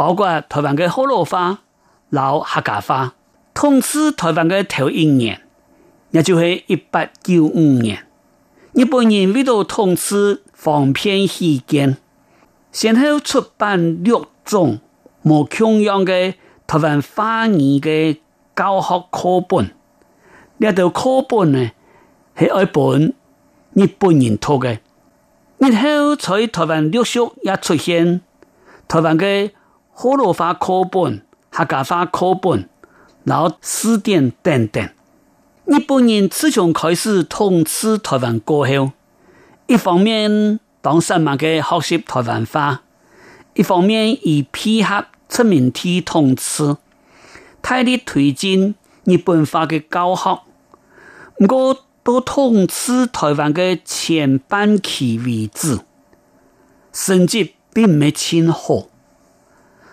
包括台灣嘅河洛話、老客家話，統治台灣嘅頭一年，也就係一八九五年，日本人為咗統治方便起見，先後出版六種冇共樣嘅台灣方言嘅教學課本，呢一套課本呢係一本日本人套嘅，日後在台灣陸續也出現台灣嘅。河洛話課本、客家話課本，老後詞典等等。日本人自從開始統治台灣過後，一方面當十萬嘅學習台灣話，一方面以配合殖民體統治，大力推進日本話嘅教學。不過到統治台灣嘅前半期為止，成績並毋甚好。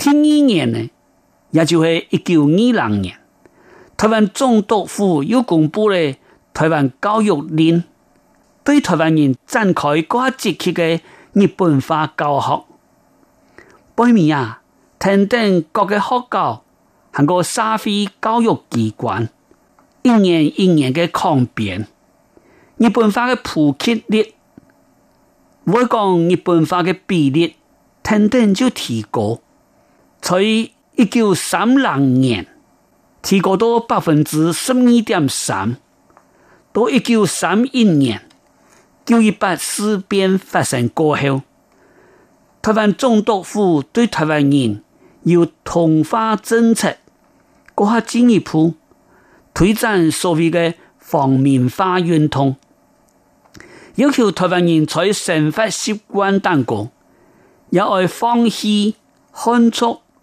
第二年呢，也就是一九二六年，台灣總督府又公布了台灣教育令，對台灣人展開各級的日本化教學。後面啊，等等各個學校，還有個社會教育機關，一年一年嘅抗變，日本化嘅普及率，我講日本化嘅比例，等等就提高。在一九三六年提高到百分之十二點三，到一九三一年，九一八事變發生過後，台灣總督府對台灣人有同化政策，嗰下進一步推展所謂嘅皇民化運動，要求台灣人在生活習慣當中，也愛放棄漢族。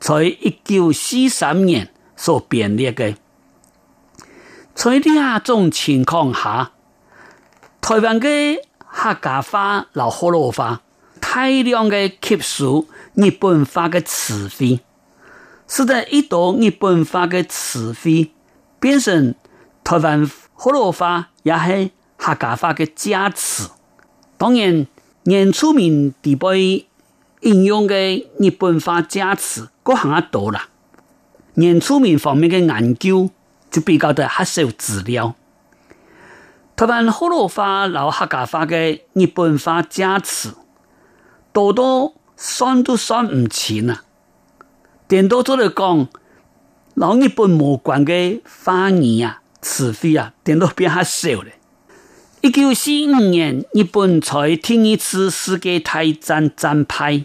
在一九四三年所編列的。在呢種情況下，台灣的客家話和福佬話大量嘅吸收日本話的詞彙，使得一啲日本話的詞彙變成台灣福佬話，也是客家話的借詞。當然，年初名第八引用的日本話借詞，嗰行啊多啦。念出名方面的研究就比較的較少資料。台灣花落花老客家話嘅日本話借詞，多多算都算唔清啊。點多做嚟講，老日本無關的方言啊、詞彙啊，點多變較少咧。一九四五年，日本在第二次世界大戰戰敗。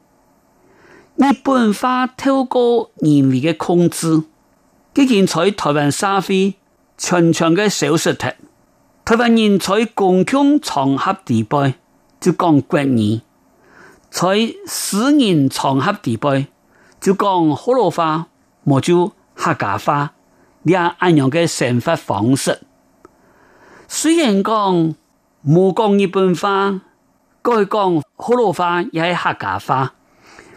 日本話透過嚴厲嘅控制，既然在台灣社會尋常嘅小說劇，台灣人在公共場合地位就講國語，在私人場合地位就講河南話、梅州客家話。你係一樣嘅生活方式。雖然講冇講日本話，該講河南話也係客家話。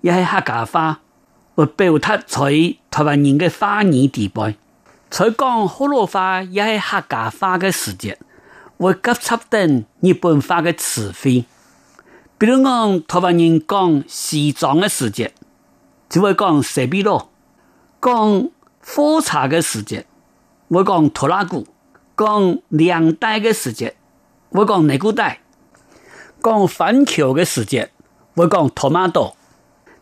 一係客家話，會標出在台灣人嘅花語地位。在講好多話一係客家話嘅時節，會急插等日本話嘅詞彙。比如講台灣人講西裝嘅時節，就會講西比羅；講貨車嘅時節，我講拖拉庫；講領帶嘅時節，我講內古帶；講番茄嘅時節，我講托馬多。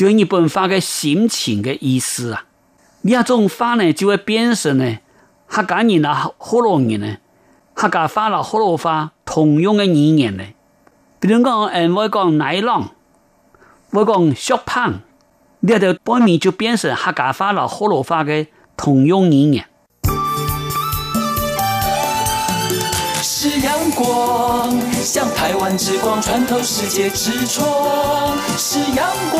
就日本話嘅心情的意思啊，你啊種話呢就會變成呢客家語啦、河洛語呢、客家話啦、河洛話通用嘅語言呢。比如講，呃，我講奶浪，我講小胖，你啊條白米就變成客家話啦、河洛話嘅通用語言。是陽光，像台灣之光，穿透世界之窗。是陽光。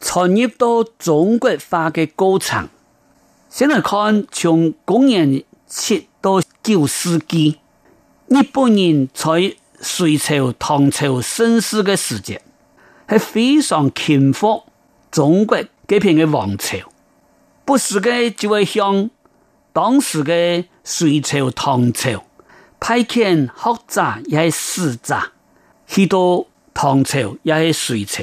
從業到中國化嘅過程，先來看從公元七到九世紀，日本人在隋朝、唐朝盛世嘅時節，係非常欽服中國這片嘅王朝，不時嘅就會向當時嘅隋朝、唐朝，派遣學者也係使者許多唐朝也係隋朝。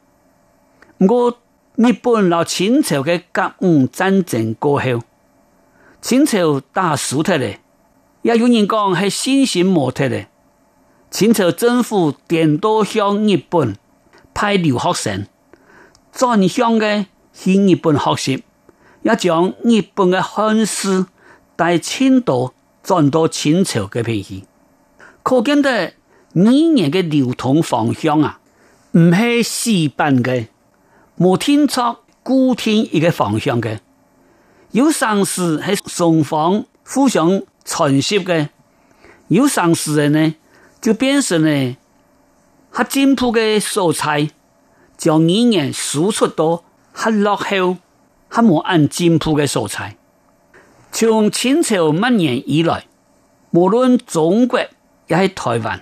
我日本鬧清朝嘅甲午戰爭過後，清朝打輸脫咧，也有人講係新型模特咧。清朝政府點多向日本派留學生，轉向嘅去日本學習，也將日本嘅漢字帶青島，轉到清朝嘅邊沿，可見得語言嘅流通方向啊，唔係西邊嘅。無天窗，聽孤天一個方向嘅，有上司喺雙方互相傳涉嘅，有上司嘅呢就變成呢，較進步嘅素材，從語言輸出到較落後，較冇按進步嘅素材。從清朝末年以來，無論中國亦係台灣。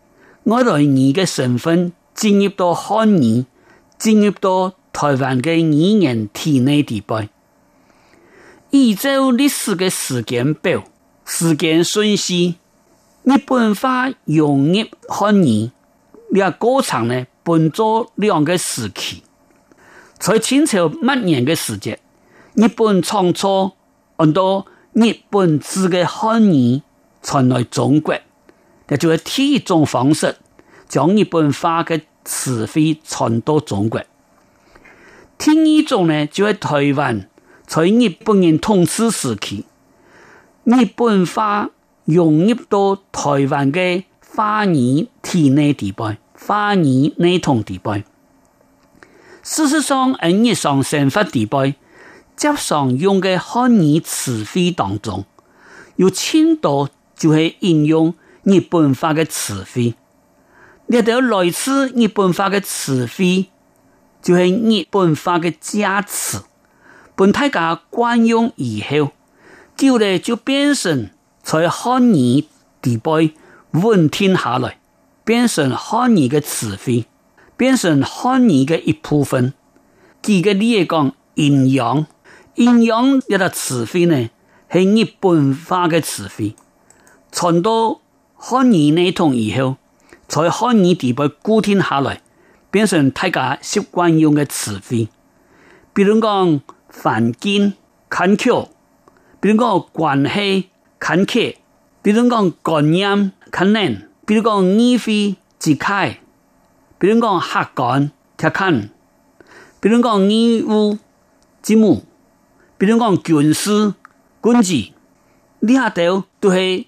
外來語的成分進入到漢語，進入到台灣的語言體內地位。依照歷史的時間表、時間順序，日本話融入漢語嘅過程呢，分咗兩個時期。在清朝末年的時間，日本創作很多日本字的漢語，傳入中國。也就係第一種方式，將日本話嘅詞彙傳到中國。第二種呢，就係台灣在日本人統治時期，日本話融入到台灣嘅華語天南地北，華語南通地北。事實上，日常生活地步，日常用嘅漢語詞彙當中，有千多，就係應用。日本話嘅詞彙，呢啲類似日本話嘅詞彙，就係日本話嘅假詞。本大家慣用以後，久了就變成在漢語地位穩定下來，變成漢語嘅詞彙，變成漢語嘅一部分。幾個例講營養，營養呢個詞彙呢，係日本話嘅詞彙，傳到漢語呢，統一以後，在漢語底背固定下來，變成大家習慣用的詞彙。比如講繁簡懇切，比如講關係懇切，比如講感念懇能，比如講迂迴直開，比如講客觀客觀，比如講義烏節目，比如講軍事軍事，你下頭都是。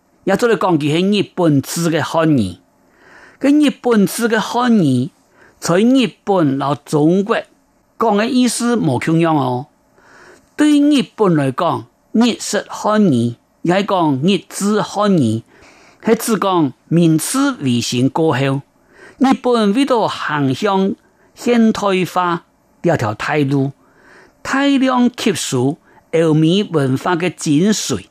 也做了講句係日本式嘅漢語，跟日本式嘅漢語，在日本到中國講嘅意思冇同樣哦。對日本來講，日式漢語也講日字漢語，還只講明治維新過後，日本為咗橫向現代化這條大路，大量吸收歐美文化嘅精髓。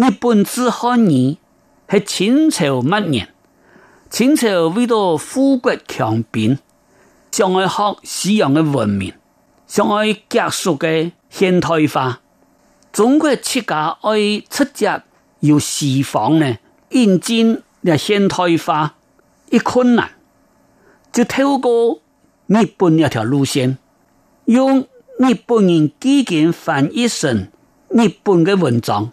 日本之漢人是清朝末年，清朝為了富國強兵，想要學西洋嘅文明，想要加速嘅現代化。中國企業家要出家由西方咧引進嘅現代化，一困難就透過日本那條路線，用日本人機金翻譯成日本嘅文章。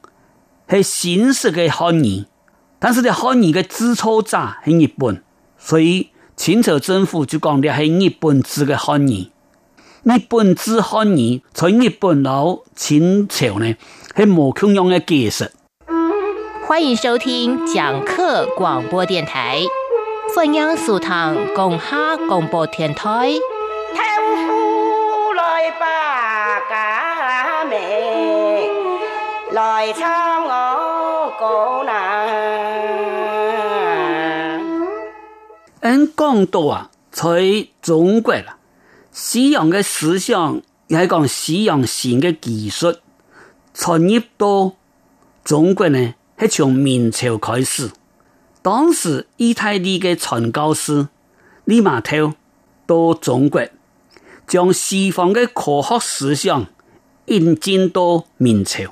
係形式嘅漢語，但是咧漢語嘅支礎字係日本，所以清朝政府就講的係日本字嘅漢語。日本字漢語從日本佬清朝呢？係無咁樣嘅解釋。歡迎收聽講課廣播電台，鳳陽蘇堂公哈廣播電台。太來吧。唐嗯，嗯講到啊，在中國啦，西洋嘅思想也係講西洋先嘅技術傳入到中國呢，係從明朝開始。當時意大利嘅傳教士利瑪竇到中國，將西方嘅科學思想引進到明朝。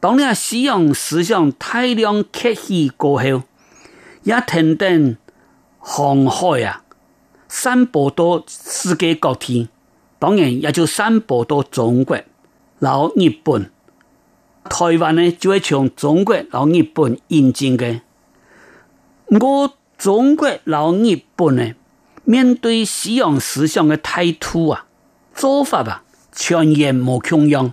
當年西洋思想大量崛起過後，也肯定航海啊，散布到世界各地。當然，也就散布到中國、然後日本、台灣呢，就會從中國然後日本引進嘅。我中國然後日本呢，面對西洋思想嘅態度啊，做法吧，全然冇共樣。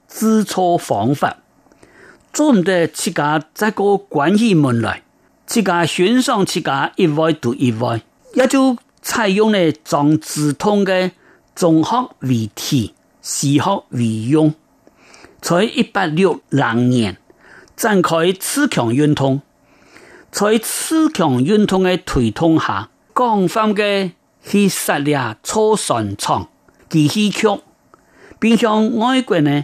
自救方法，準備七家架一個關起門來七家損送七家，一外讀一外，也就採用了張之洞的中學為體，西學為用，在一八六零年展開自強運動，在自強運動的推動下，廣泛的去設立造船廠、機器局，並向外國呢。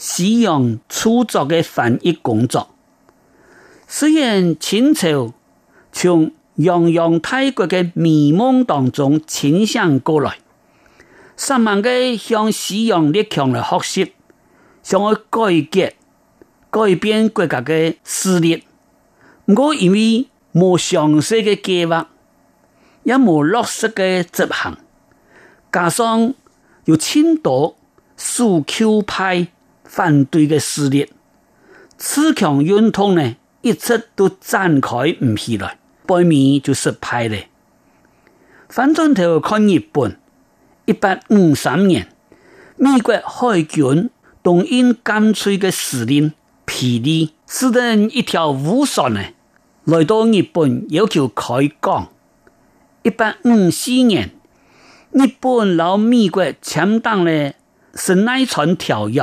西洋著作的翻譯工作。雖然清朝從泱泱大國的迷惘當中清醒過來，三萬個向西洋列強來學習，想要改革、改變國家的勢力，我以為冇詳細嘅計劃，也冇落實的執行，加上有青島、蘇 Q 派。反對的勢力，自強運動呢，一直都展開唔起來，背面就是敗嘞。反轉頭看日本，一八五三年，美國海軍東印乾脆的司令皮利，使得一條武船呢，來到日本要求開港。一八五四年，日本撈美國簽訂呢《神奈川條約》。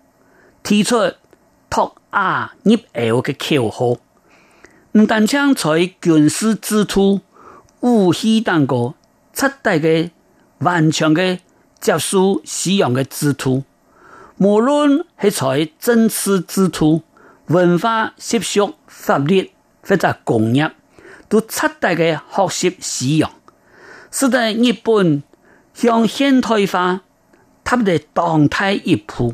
提出脫亞入歐嘅口號，唔但僅在軍事制度、武器等，個徹底嘅頑強嘅接受西洋嘅制度，無論係在政治制度、文化、習俗、法律或者工業，都徹底嘅學習西洋，使得日本向現代化踏步當代一步。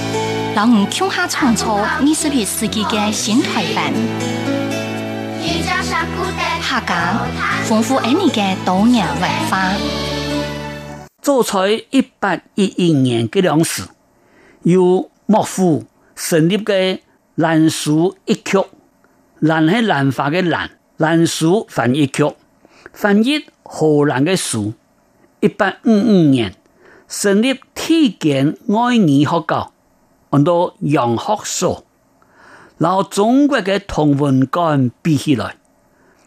老五窮下創作二十世紀的新台版，下家豐富印豐富多元文化。做出一八一一年嘅兩時，由幕府成立嘅蘭書翻譯局，蘭係蘭花嘅蘭，蘭書翻譯局，翻譯荷蘭嘅書。一八五五年成立天健愛尼蘭學校。講、嗯、到洋學所，撈中國嘅同文館比起來，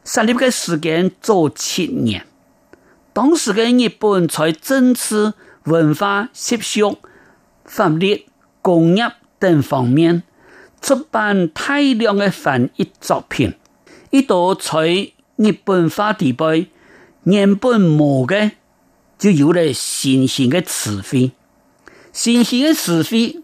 設立嘅時間早七年。當時嘅日本在政治、文化、學術、法律、工業等方面出版大量嘅翻譯作品，一度在日本化地位原本冇嘅，就有了新鮮嘅詞彙，新鮮嘅詞彙。